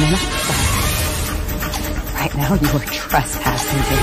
Right now, you are trespassing,